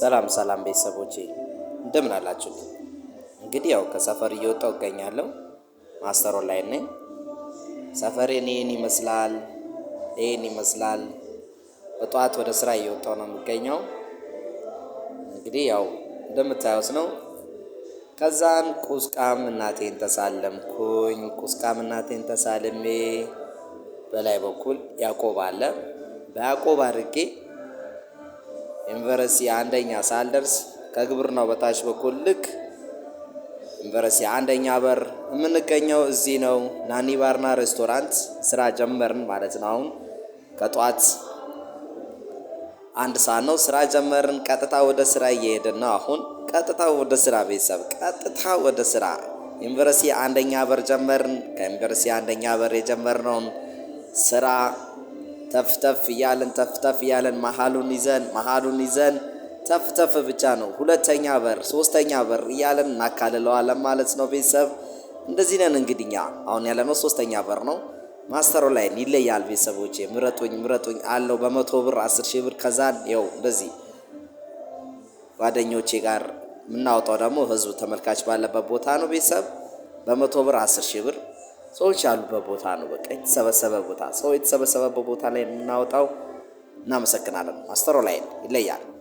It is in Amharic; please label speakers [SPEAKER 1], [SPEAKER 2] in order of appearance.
[SPEAKER 1] ሰላም ሰላም ቤተሰቦቼ እንደምን አላችሁ? እንግዲህ ያው ከሰፈር እየወጣሁ እገኛለሁ። ማስተር ኦንላይን ነኝ። ሰፈሬን ይህን ይመስላል፣ ይህን ይመስላል። በጠዋት ወደ ስራ እየወጣሁ ነው የምገኘው። እንግዲህ ያው እንደምታዩት ነው። ከዛን ቁስቃም እናቴን ተሳለምኩኝ። ቁስቃም እናቴን ተሳልሜ በላይ በኩል ያዕቆብ አለ በያዕቆብ አድርጌ ዩኒቨርሲቲ አንደኛ ሳልደርስ ከግብርናው በታች በኩል ልክ ዩኒቨርሲቲ አንደኛ በር የምንገኘው እዚህ ነው። ናኒ ባርና ሬስቶራንት ስራ ጀመርን ማለት ነው። አሁን ከጠዋት አንድ ሰዓት ነው ስራ ጀመርን። ቀጥታ ወደ ስራ እየሄድን ነው። አሁን ቀጥታ ወደ ስራ ቤተሰብ፣ ቀጥታ ወደ ስራ ዩኒቨርሲቲ አንደኛ በር ጀመርን። ከዩኒቨርሲቲ አንደኛ በር የጀመርነውን ስራ ተፍተፍ እያለን ተፍተፍ እያለን መሀሉን ይዘን መሀሉን ይዘን ተፍተፍ ብቻ ነው። ሁለተኛ በር፣ ሶስተኛ በር እያለን እናካልለዋለን ማለት ነው። ቤተሰብ እንደዚህ ነን እንግዲህ አሁን ያለነው ሶስተኛ በር ነው። ማስተሩ ላይ ይለያል። ቤተሰቦች ምረጡኝ ምረጡኝ አለው በመቶ ብር አስር ሺህ ብር ከዛን ው እንደዚህ ጓደኞቼ ጋር የምናወጣው ደግሞ ህዝብ ተመልካች ባለበት ቦታ ነው። ቤተሰብ በመቶ ብር አስር ሺህ ብር ሰዎች ያሉበት ቦታ ነው። በቃ የተሰበሰበ ቦታ ሰው የተሰበሰበበት ቦታ ላይ የምናወጣው እናመሰግናለን። ማስተሮ ላይ ይለያል።